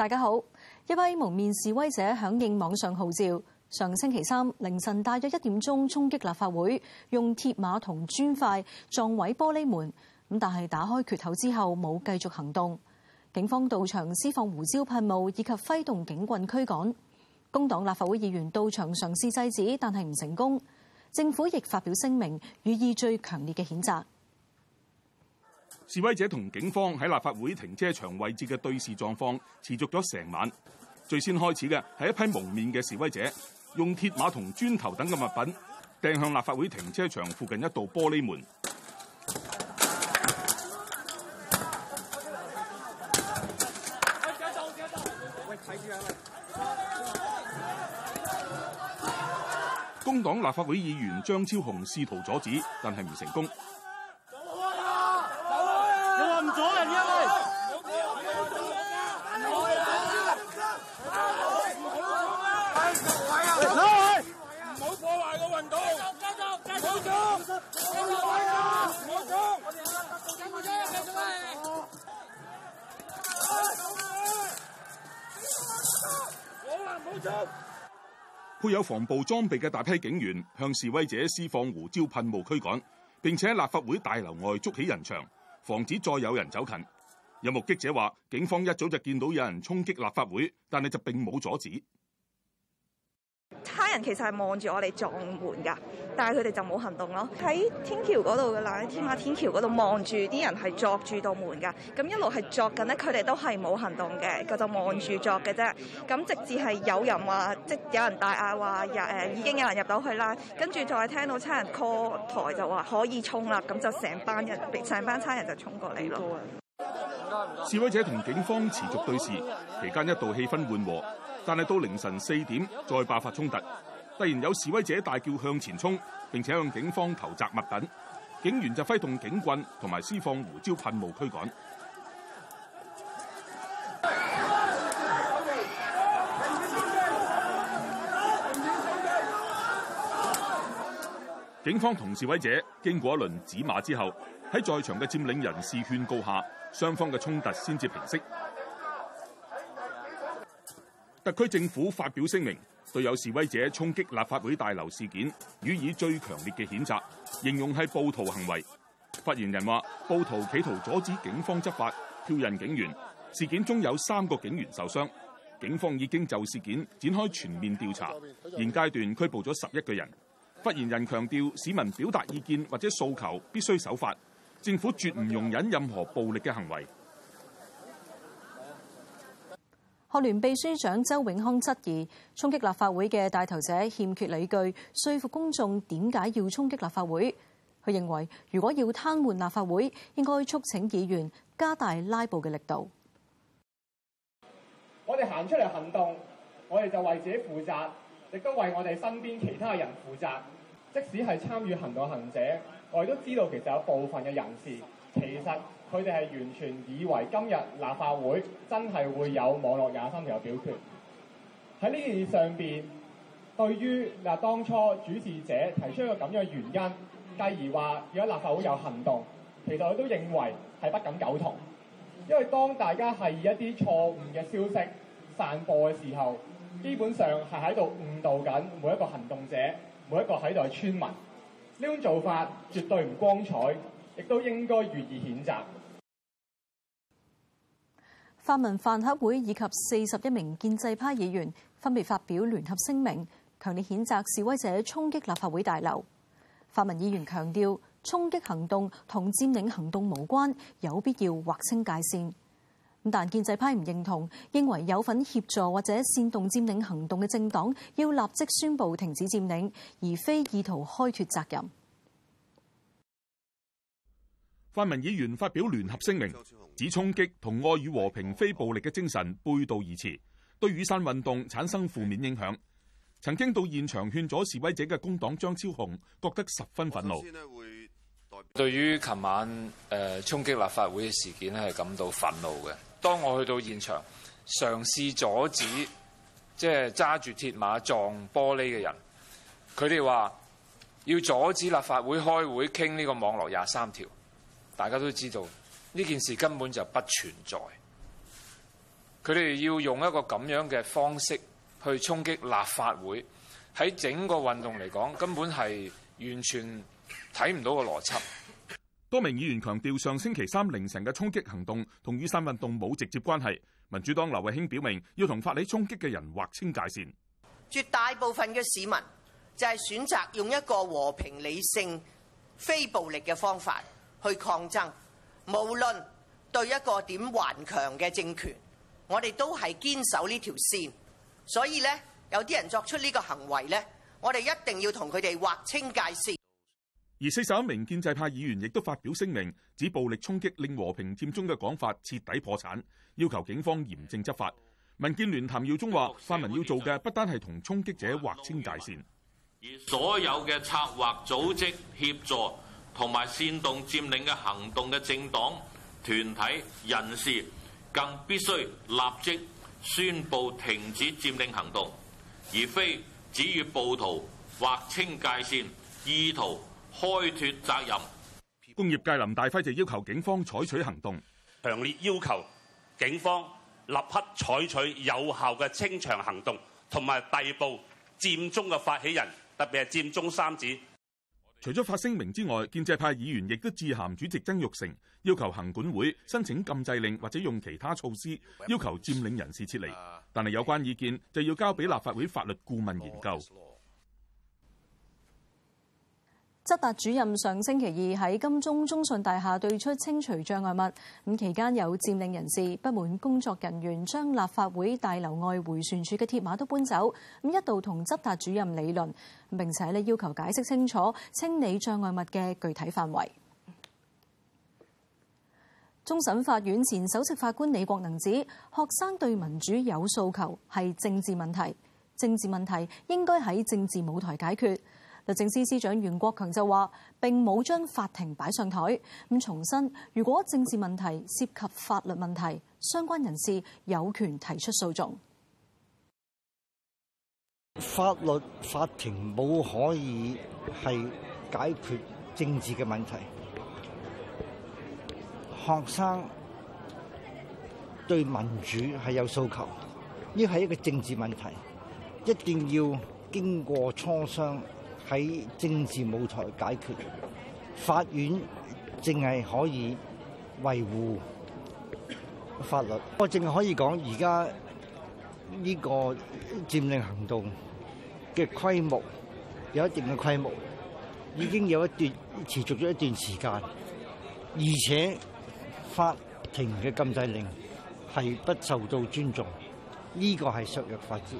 大家好，一位蒙面示威者響應網上號召，上星期三凌晨大約一點鐘衝擊立法會，用鐵馬同磚塊撞毀玻璃門，咁但係打開缺口之後冇繼續行動。警方到場施放胡椒噴霧以及揮動警棍驅趕，工黨立法會議員到場嘗試制，制止，但係唔成功。政府亦發表聲明，予以最強烈嘅譴責。示威者同警方喺立法會停車場位置嘅對峙狀況持續咗成晚。最先開始嘅係一批蒙面嘅示威者，用鐵馬同磚頭等嘅物品掟向立法會停車場附近一道玻璃門。喂，繼續，繼續。喂，睇住啊！工黨立法會議員張超雄試圖阻止，但係唔成功。啊、配有防暴裝備嘅大批警員向示威者施放胡椒噴霧驅趕，並且喺立法會大樓外築起人牆，防止再有人走近。有目擊者話，警方一早就見到有人衝擊立法會，但係就並冇阻止。啲人其實係望住我哋撞門噶，但係佢哋就冇行動咯。喺天橋嗰度嘅啦，喺天馬天橋嗰度望住啲人係作住道門噶。咁一路係作緊咧，佢哋都係冇行動嘅，佢就望住作嘅啫。咁直至係有人話，即有人大嗌話，誒已經有人入到去啦。跟住再聽到差人 call 台就話可以衝啦，咁就成班人，成班差人就衝過嚟咯。示威者同警方持續對峙，期間一度氣氛緩和。但係到凌晨四點再爆發衝突，突然有示威者大叫向前衝，並且向警方投擲物品，警員就揮動警棍同埋施放胡椒噴霧驅趕。警方同示威者經過一輪指罵之後，喺在場嘅佔領人士勸告下，雙方嘅衝突先至平息。特區政府發表聲明，對有示威者衝擊立法會大樓事件予以最強烈嘅譴責，形容係暴徒行為。發言人話，暴徒企圖阻止警方執法，挑釁警員，事件中有三個警員受傷。警方已經就事件展開全面調查，現階段拘捕咗十一個人。發言人強調，市民表達意見或者訴求必須守法，政府絕唔容忍任何暴力嘅行為。學聯秘書長周永康質疑衝擊立法會嘅帶頭者欠缺理據，說服公眾點解要衝擊立法會？佢認為如果要癱瘓立法會，應該促請議員加大拉布嘅力度。我哋行出嚟行動，我哋就為自己負責，亦都為我哋身邊其他人負責。即使係參與行動行者，我哋都知道其實有部分嘅人士其實。佢哋係完全以為今日立法會真係會有網絡廿三條嘅表決，喺呢件事上面，對於嗱當初主持者提出一個咁樣嘅原因，繼而話如果立法會有行動，其實佢都認為係不敢苟同，因為當大家係以一啲錯誤嘅消息散播嘅時候，基本上係喺度誤導緊每一個行動者，每一個喺度嘅村民，呢種做法絕對唔光彩，亦都應該予以譴責。泛民飯盒會以及四十一名建制派議員分別發表聯合聲明，強烈譴責示威者衝擊立法會大樓。泛民議員強調，衝擊行動同佔領行動無關，有必要劃清界線。但建制派唔認同，認為有份協助或者煽動佔領行動嘅政黨要立即宣布停止佔領，而非意圖開脫責任。泛民議員發表聯合聲明，指衝擊同愛與和平、非暴力嘅精神背道而馳，對雨傘運動產生負面影響。曾經到現場勸阻示威者嘅工黨張超雄覺得十分憤怒。對於琴晚誒、呃、衝擊立法會嘅事件咧，係感到憤怒嘅。當我去到現場，嘗試阻止即係揸住鐵馬撞玻璃嘅人，佢哋話要阻止立法會開會傾呢個網絡廿三條。大家都知道呢件事根本就不存在。佢哋要用一個咁樣嘅方式去衝擊立法會，喺整個運動嚟講根本係完全睇唔到個邏輯。多名議員強調上星期三凌晨嘅衝擊行動同雨傘運動冇直接關係，民主黨劉慧卿表明要同發起衝擊嘅人劃清界線。絕大部分嘅市民就係選擇用一個和平、理性、非暴力嘅方法。去抗爭，無論對一個點頑強嘅政權，我哋都係堅守呢條線。所以呢，有啲人作出呢個行為呢，我哋一定要同佢哋劃清界線。而四十一名建制派議員亦都發表聲明，指暴力衝擊令和平佔中嘅講法徹底破產，要求警方嚴正執法。民建聯譚耀宗話：泛民要做嘅不單係同衝擊者劃清界線，而所有嘅策劃、組織、協助，同埋煽動佔領嘅行動嘅政黨、團體、人士，更必須立即宣布停止佔領行動，而非只與暴徒劃清界線，意圖開脱責任。工業界林大輝就要求警方採取行動，強烈要求警方立刻採取有效嘅清場行動，同埋逮捕佔中嘅發起人，特別係佔中三子。除咗發聲明之外，建制派議員亦都致函主席曾玉成，要求行管會申請禁制令或者用其他措施要求佔領人士撤離。但係有關意見就要交俾立法會法律顧問研究。執達主任上星期二喺金鐘中信大廈對出清除障礙物，咁期間有佔領人士不滿工作人員將立法會大樓外回旋處嘅鐵馬都搬走，咁一度同執達主任理論，並且呢要求解釋清楚清理障礙物嘅具體範圍。終審法院前首席法官李國能指，學生對民主有訴求係政治問題，政治問題應該喺政治舞台解決。律政司司長袁國強就話，並冇將法庭擺上台，咁重申，如果政治問題涉及法律問題，相關人士有權提出訴訟。法律法庭冇可以係解決政治嘅問題。學生對民主係有訴求，呢係一個政治問題，一定要經過磋商。喺政治舞台解決，法院淨係可以維護法律。我淨係可以講，而家呢個佔領行動嘅規模有一定嘅規模，已經有一段持續咗一段時間，而且法庭嘅禁制令係不受到尊重，呢個係削弱法治。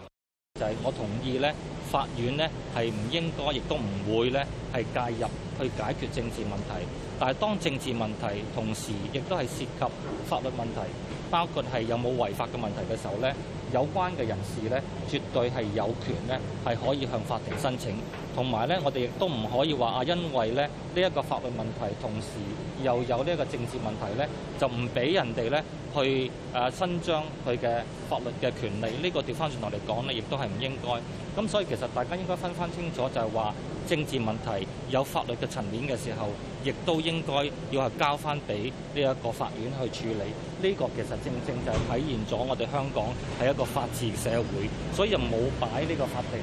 就係我同意咧，法院咧係唔應該，亦都唔會咧係介入去解決政治問題。但係當政治問題同時亦都係涉及法律問題，包括係有冇違法嘅問題嘅時候咧。有關嘅人士呢，絕對係有權呢，係可以向法庭申請。同埋呢，我哋亦都唔可以話啊，因為呢一個法律問題，同時又有呢一個政治問題呢，就唔俾人哋呢去誒伸張佢嘅法律嘅權利。呢個掉翻轉來嚟講呢，亦都係唔應該。咁所以其實大家應該分翻清楚，就係話政治問題有法律嘅層面嘅時候，亦都應該要係交翻俾呢一個法院去處理。呢個其實正正就係體現咗我哋香港係一個法治社會，所以就冇擺呢個法庭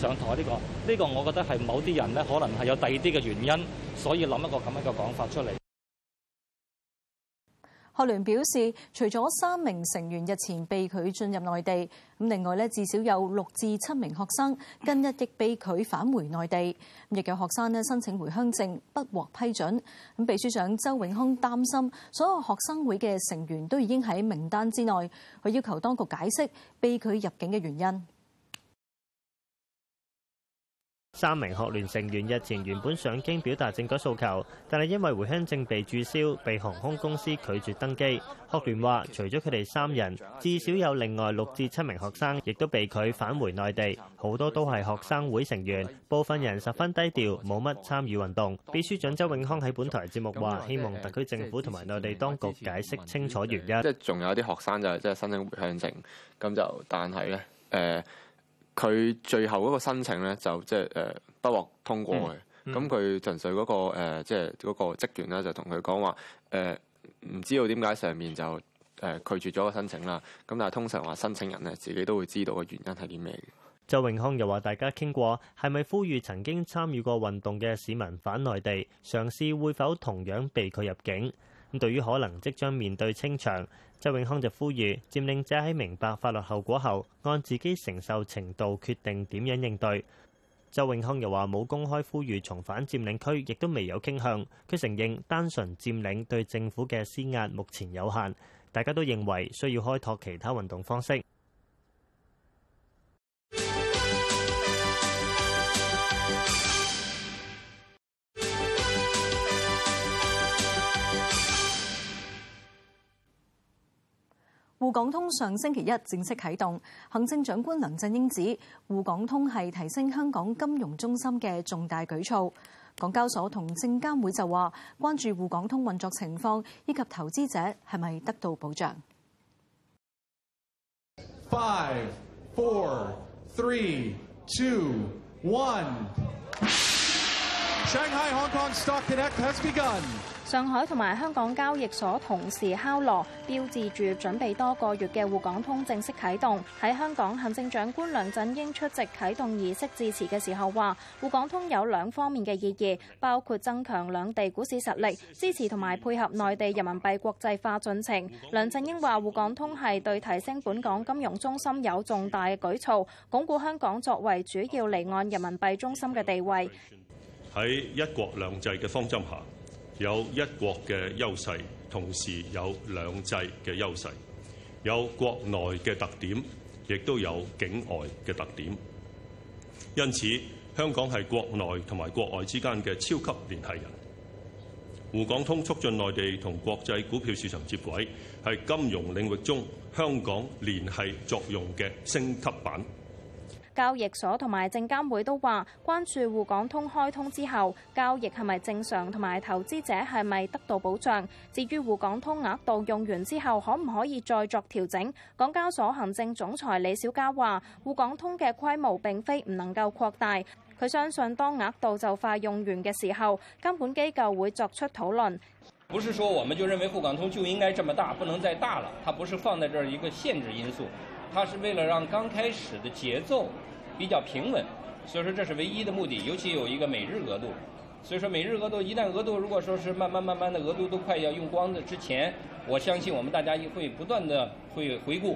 上台。呢個呢個，這個、我覺得係某啲人咧，可能係有第二啲嘅原因，所以諗一個咁樣嘅講法出嚟。學聯表示，除咗三名成員日前被拒進入內地，咁另外至少有六至七名學生近日亦被拒返回內地，亦有學生申請回鄉證不獲批准。咁秘書長周永康擔心所有學生會嘅成員都已經喺名單之內，佢要求當局解釋被拒入境嘅原因。三名學聯成員日前原本上京表達政改訴求，但係因為回鄉證被註銷，被航空公司拒絕登機。學聯話，除咗佢哋三人，至少有另外六至七名學生，亦都被拒返回內地。好多都係學生會成員，部分人十分低調，冇乜參與運動。秘書長周永康喺本台節目話：希望特區政府同埋內地當局解釋清楚原因。即仲有啲學生就係即係申請回鄉證，咁就但係咧誒佢最後嗰個申請咧，就即係誒不獲通過嘅。咁佢、嗯嗯、純粹嗰、個誒即係嗰個職員咧，就同佢講話誒，唔知道點解上面就誒拒絕咗個申請啦。咁但係通常話申請人咧，自己都會知道個原因係點咩嘅。周永康又話：大家傾過係咪呼籲曾經參與過運動嘅市民返內地，嘗試會否同樣被拒入境？咁對於可能即將面對清場，周永康就呼籲佔領者喺明白法律後果後，按自己承受程度決定點樣應對。周永康又話冇公開呼籲重返佔領區，亦都未有傾向。佢承認單純佔領對政府嘅施壓目前有限，大家都認為需要開拓其他運動方式。滬港通上星期一正式啟動，行政長官梁振英指滬港通係提升香港金融中心嘅重大舉措。港交所同證監會就話關注滬港通運作情況，以及投資者係咪得到保障。Five, four, three, two, one. Shanghai-Hong Kong Stock Connect has begun. 上海同埋香港交易所同時敲鑼，標誌住準備多個月嘅滬港通正式啟動。喺香港行政長官梁振英出席啟動儀式致辭嘅時候話，滬港通有兩方面嘅意義，包括增強兩地股市實力，支持同埋配合內地人民幣國際化進程。梁振英話滬港通係對提升本港金融中心有重大嘅舉措，鞏固香港作為主要離岸人民幣中心嘅地位，喺一國兩制嘅方針下，有一國嘅優勢，同時有兩制嘅優勢，有國內嘅特點，亦都有境外嘅特點。因此，香港係國內同埋國外之間嘅超級聯繫人。滬港通促進內地同國際股票市場接軌，係金融領域中香港聯繫作用嘅升級版。交易所同埋證監會都話關注滬港通開通之後交易係咪正常同埋投資者係咪得到保障？至於滬港通額度用完之後可唔可以再作調整？港交所行政總裁李小加話，滬港通嘅規模並非唔能夠擴大，佢相信當額度就快用完嘅時候，監管機構會作出討論，不是說，我們就認為滬港通就應該這麼大，不能再大了。它不是放在這兒一個限制因素。它是為了讓剛開始的節奏比較平穩，所以說這是唯一的目的。尤其有一個每日額度，所以說每日額度一旦額度如果說是慢慢慢慢的額度都快要用光的之前，我相信我們大家也會不斷的會回顧，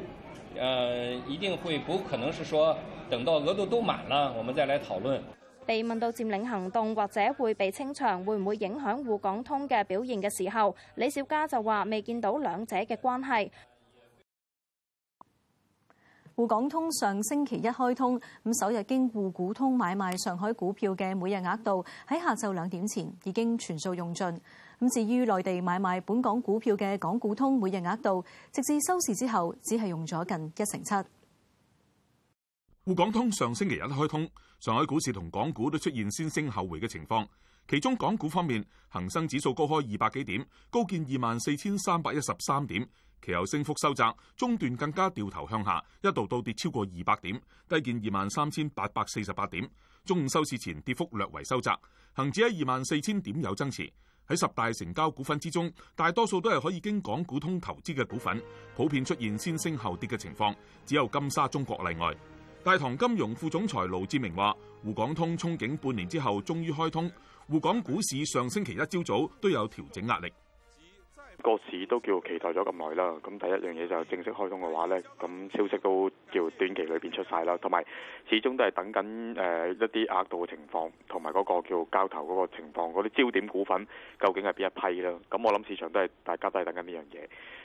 呃，一定會不可能是說等到額度都滿了我們再來討論。被問到佔領行動或者會被清場會唔會影響滬港通嘅表現嘅時候，李小加就話未見到兩者嘅關係。滬港通上星期一開通，咁首日經滬股通買賣上海股票嘅每日額度喺下晝兩點前已經全數用盡。咁至於內地買賣本港股票嘅港股通每日額度，直至收市之後只係用咗近一成七。滬港通上星期一開通，上海股市同港股都出現先升後回嘅情況。其中港股方面，恒生指數高開二百幾點，高見二萬四千三百一十三點。其後升幅收窄，中段更加掉頭向下，一度倒跌超過二百點，低見二萬三千八百四十八點。中午收市前跌幅略為收窄，恒指喺二萬四千點有增持。喺十大成交股份之中，大多數都係可以經港股通投資嘅股份，普遍出現先升後跌嘅情況，只有金沙中國例外。大堂金融副總裁盧志明話：滬港通憧憬半年之後，終於開通，滬港股市上星期一朝早，早都有調整壓力。個市都叫期待咗咁耐啦，咁第一樣嘢就正式開通嘅話呢，咁消息都叫短期裏邊出晒啦，同埋始終都係等緊、呃、一啲額度嘅情況，同埋嗰個叫交投嗰個情況，嗰啲焦點股份究竟係邊一批啦？咁我諗市場都係大家都係等緊呢樣嘢。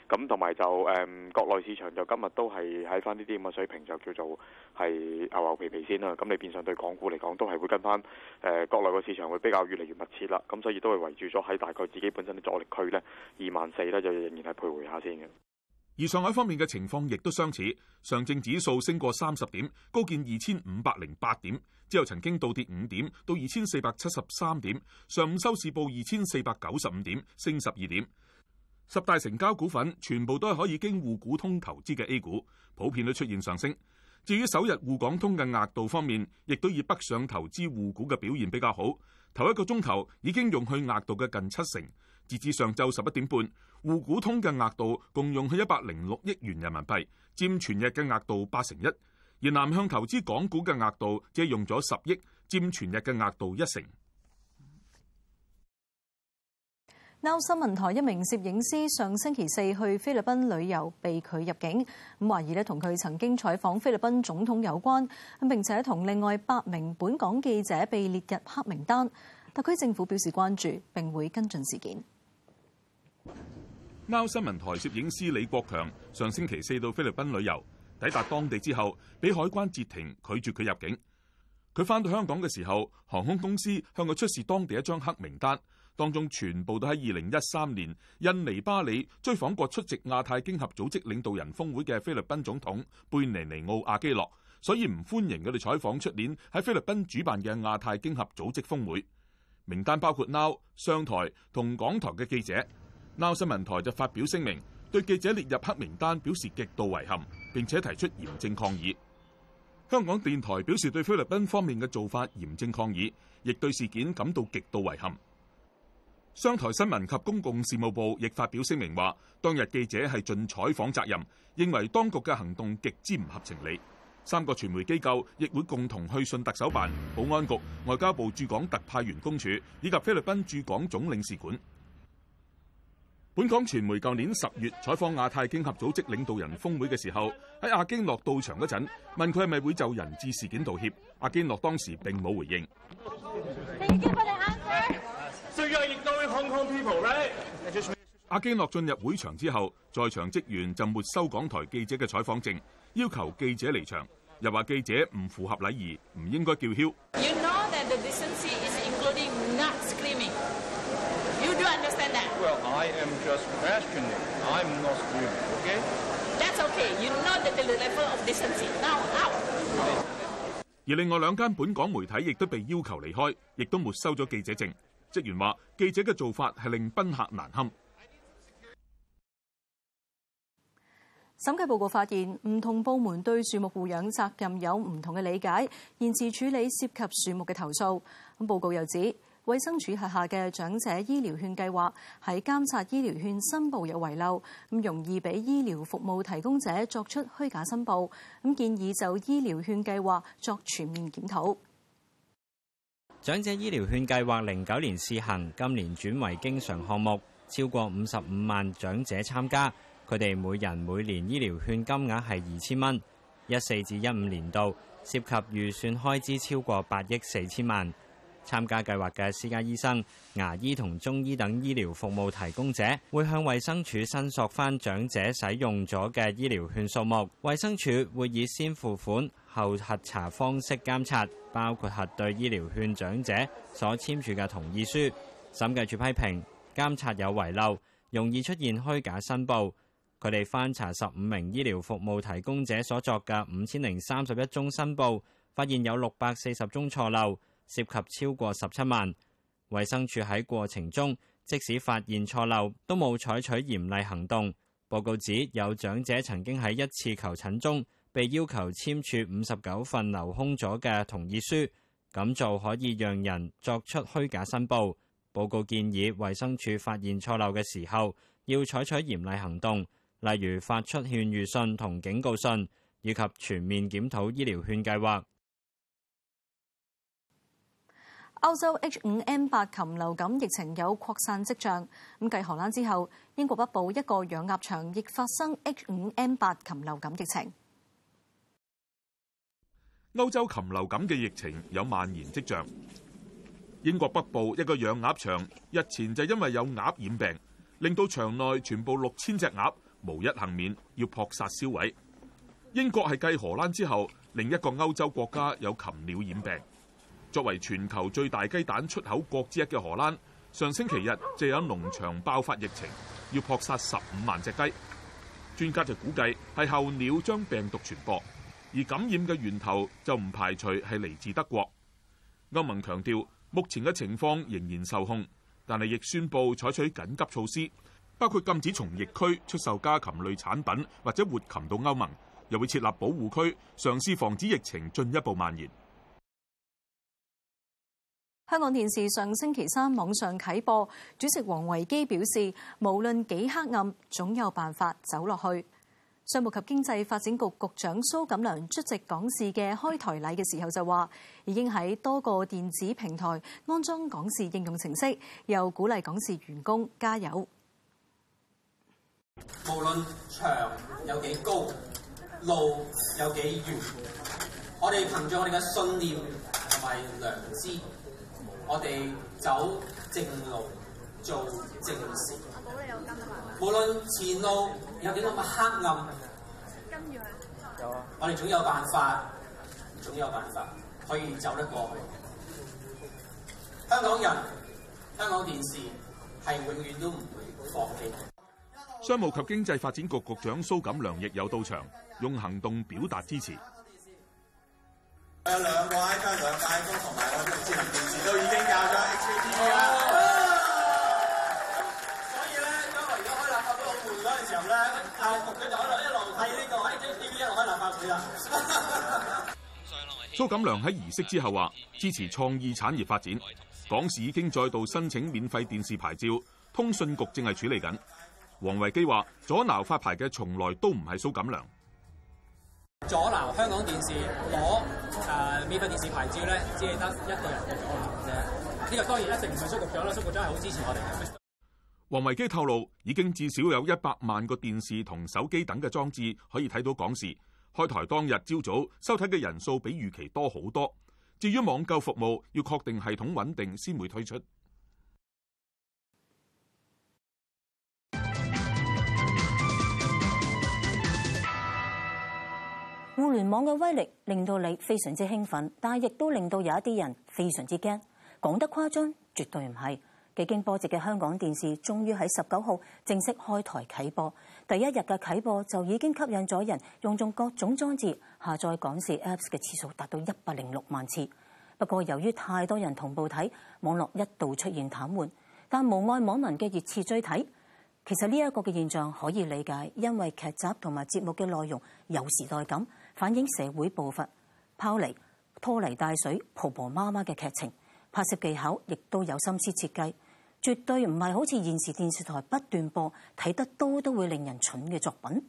咁同埋就誒、嗯、國內市場，就今日都係喺翻呢啲咁嘅水平，就叫做係牛牛皮皮先啦。咁你變相對港股嚟講都係會跟翻誒、呃、國內個市場會比較越嚟越密切啦。咁所以都係圍住咗喺大概自己本身嘅阻力區咧，二萬四咧就仍然係徘徊下先嘅。而上海方面嘅情況亦都相似，上證指數升過三十點，高見二千五百零八點之後曾經倒跌五點，到二千四百七十三點，上午收市報二千四百九十五點，升十二點。十大成交股份全部都係可以經滬股通投資嘅 A 股，普遍都出現上升。至於首日滬港通嘅額度方面，亦都以北上投資滬股嘅表現比較好。頭一個鐘頭已經用去額度嘅近七成。截至上晝十一點半，滬股通嘅額度共用去一百零六億元人民幣，佔全日嘅額度八成一。而南向投資港股嘅額度只係用咗十億，佔全日嘅額度一成。Now 新聞台一名攝影師上星期四去菲律賓旅遊被拒入境，咁懷疑咧同佢曾經採訪菲律賓總統有關，並且同另外八名本港記者被列入黑名單。特區政府表示關注，並會跟進事件。Now 新聞台攝影師李國強上星期四到菲律賓旅遊，抵達當地之後俾海關截停，拒絕佢入境。佢翻到香港嘅時候，航空公司向佢出示當地一張黑名單。當中全部都喺二零一三年印尼巴里追訪過出席亞太經合組織領導人峰會嘅菲律賓總統貝尼尼奧亞基諾，所以唔歡迎佢哋採訪出年喺菲律賓主辦嘅亞太經合組織峰會。名單包括 Now 商台同港台嘅記者。Now 新聞台就發表聲明，對記者列入黑名單表示極度遺憾，並且提出嚴正抗議。香港電台表示對菲律賓方面嘅做法嚴正抗議，亦對事件感到極度遺憾。商台新聞及公共事務部亦發表聲明話：當日記者係盡採訪責任，認為當局嘅行動極之唔合情理。三個傳媒機構亦會共同去信特首辦、保安局、外交部駐港特派員公署以及菲律賓駐港總領事館。本港傳媒舊年十月採訪亞太經合組織領導人峰會嘅時候，喺阿基諾到場嗰陣，問佢係咪會就人質事件道歉，阿基諾當時並冇回應。Right? 阿基諾進入會場之後，在場職員就沒收港台記者嘅採訪證，要求記者離場，又話記者唔符合禮儀，唔應該叫囂。You know that the decency is including not screaming. You do understand that? Well, I am just questioning. I'm not screaming, okay? You know the level of decency. Now, out. 而另外兩間本港媒體亦都被要求離開，亦都沒收咗記者證。職員話：記者嘅做法係令賓客難堪。審計報告發現，唔同部門對樹木護養責任有唔同嘅理解，延遲處理涉及樹木嘅投訴。咁報告又指，衛生署轄下嘅長者醫療券計劃，喺監察醫療券申報有遺漏，咁容易俾醫療服務提供者作出虛假申報。咁建議就醫療券計劃作全面檢討。長者醫療券計劃零九年試行，今年轉為經常項目，超過五十五萬長者參加，佢哋每人每年醫療券金額係二千蚊。一四至一五年度涉及預算開支超過八億四千萬。參加計劃嘅私家醫生、牙醫同中醫等醫療服務提供者，會向衛生署申索返長者使用咗嘅醫療券數目。衛生署會以先付款後核查方式監察，包括核對醫療券長者所簽署嘅同意書。審計署批評監察有遺漏，容易出現虛假申報。佢哋翻查十五名醫療服務提供者所作嘅五千零三十一宗申報，發現有六百四十宗錯漏，涉及超過十七萬。衛生署喺過程中，即使發現錯漏，都冇採取嚴厲行動。報告指有長者曾經喺一次求診中，被要求簽署五十九份留空咗嘅同意書，咁就可以讓人作出虛假申報。報告建議，衛生署發現錯漏嘅時候，要採取嚴厲行動，例如發出勸喻信同警告信，以及全面檢討醫療券計劃。歐洲 H 五 N 八禽流感疫情有擴散跡象，咁繼荷蘭之後，英國北部一個養鴨場亦發生 H 五 N 八禽流感疫情。歐洲禽流感嘅疫情有蔓延跡象。英國北部一個養鴨場日前就因為有鴨染病，令到場內全部六千隻鴨無一幸免，要撲殺銷毀。英國係繼荷蘭之後另一個歐洲國家有禽鳥染病。作為全球最大雞蛋出口國之一嘅荷蘭，上星期日就有農場爆發疫情，要撲殺十五萬隻雞。專家就估計係候鳥將病毒傳播。而感染嘅源頭就唔排除係嚟自德國。歐盟強調目前嘅情況仍然受控，但係亦宣布採取緊急措施，包括禁止從疫區出售家禽類產品或者活禽到歐盟，又會設立保護區，嘗試防止疫情進一步蔓延。香港電視上星期三網上啟播，主席王維基表示，無論幾黑暗，總有辦法走落去。商務及經濟發展局局長蘇錦樑出席港視嘅開台禮嘅時候就話，已經喺多個電子平台安裝港視應用程式，又鼓勵港視員工加油。無論牆有幾高，路有幾遠，我哋憑着我哋嘅信念同埋良知，我哋走正路，做正事。阿寶無論前路。有啲咁黑暗，跟住有啊！我哋總有辦法，總有辦法可以走得過去。香港人，香港電視係永遠都唔會放棄。商務及經濟發展局局長蘇錦樑亦有到場，用行動表達支持。同埋蘇錦樑喺儀式之後話，支持創意產業發展，港視已經再度申請免費電視牌照，通訊局正係處理緊。王維基話，阻撓發牌嘅從來都唔係蘇錦樑，阻撓香港電視攞誒、啊、免費電視牌照咧，只係得一個人嘅阻撓啫。呢、這個當然一定唔係蘇局長啦，蘇局長係好支持我哋嘅。王維基透露，已經至少有一百萬個電視同手機等嘅裝置可以睇到港視。開台當日朝早收睇嘅人數比預期多好多。至於網購服務，要確定系統穩定先會推出。互聯網嘅威力令到你非常之興奮，但係亦都令到有一啲人非常之驚。講得誇張，絕對唔係。幾經波折嘅香港電視終於喺十九號正式開台啟播，第一日嘅啟播就已經吸引咗人用盡各種裝置下載港視 Apps 嘅次數達到一百零六萬次。不過由於太多人同步睇，網絡一度出現癱瘓，但無礙網民嘅熱切追睇。其實呢一個嘅現象可以理解，因為劇集同埋節目嘅內容有時代感，反映社會步伐拋離，拋泥拖泥帶水婆婆媽媽嘅劇情，拍攝技巧亦都有心思設計。絕對唔係好似現時電視台不斷播，睇得多都會令人蠢嘅作品，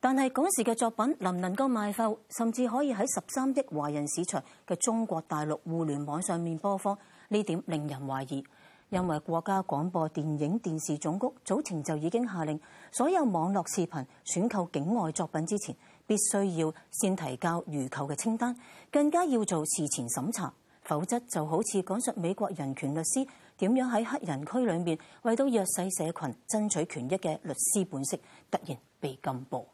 但係嗰時嘅作品能唔能夠賣貨，甚至可以喺十三億華人市場嘅中國大陸互聯網上面播放，呢點令人懷疑。因為國家廣播電影電視總局早前就已經下令，所有網絡視頻選購境外作品之前，必須要先提交預購嘅清單，更加要做事前審查，否則就好似講述美國人權律師。點樣喺黑人區裏面為到弱勢社群爭取權益嘅律師本色，突然被禁播。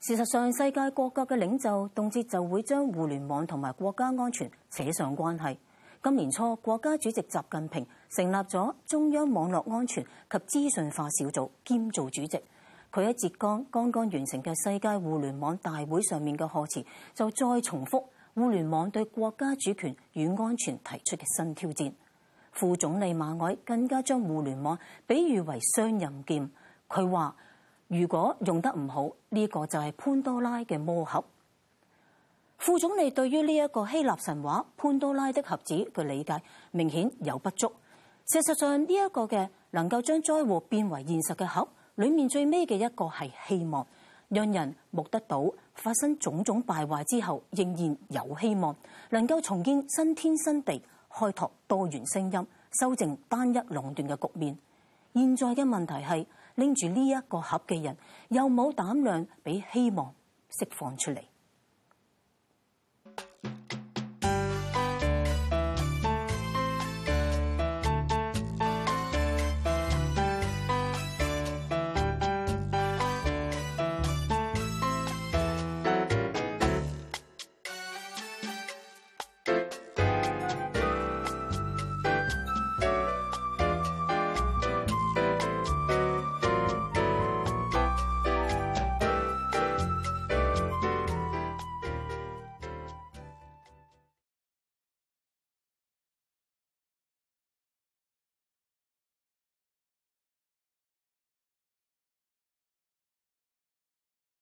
事實上，世界各國嘅領袖動輒就會將互聯網同埋國家安全扯上關係。今年初，國家主席習近平成立咗中央網絡安全及資訊化小組，兼做主席。佢喺浙江剛剛完成嘅世界互聯網大會上面嘅賀詞，就再重複互聯網對國家主權與安全提出嘅新挑戰。副總理馬凱更加將互聯網比喻為雙刃劍，佢話：如果用得唔好，呢、這個就係潘多拉嘅魔盒。副總理對於呢一個希臘神話潘多拉的盒子嘅理解明顯有不足。事實上，呢、這、一個嘅能夠將災禍變為現實嘅盒，裡面最尾嘅一個係希望，讓人目得到發生種種敗壞之後，仍然有希望能夠重建新天新地。開拓多元聲音，修正單一壟斷嘅局面。現在嘅問題係拎住呢一個盒嘅人，又冇膽量俾希望釋放出嚟。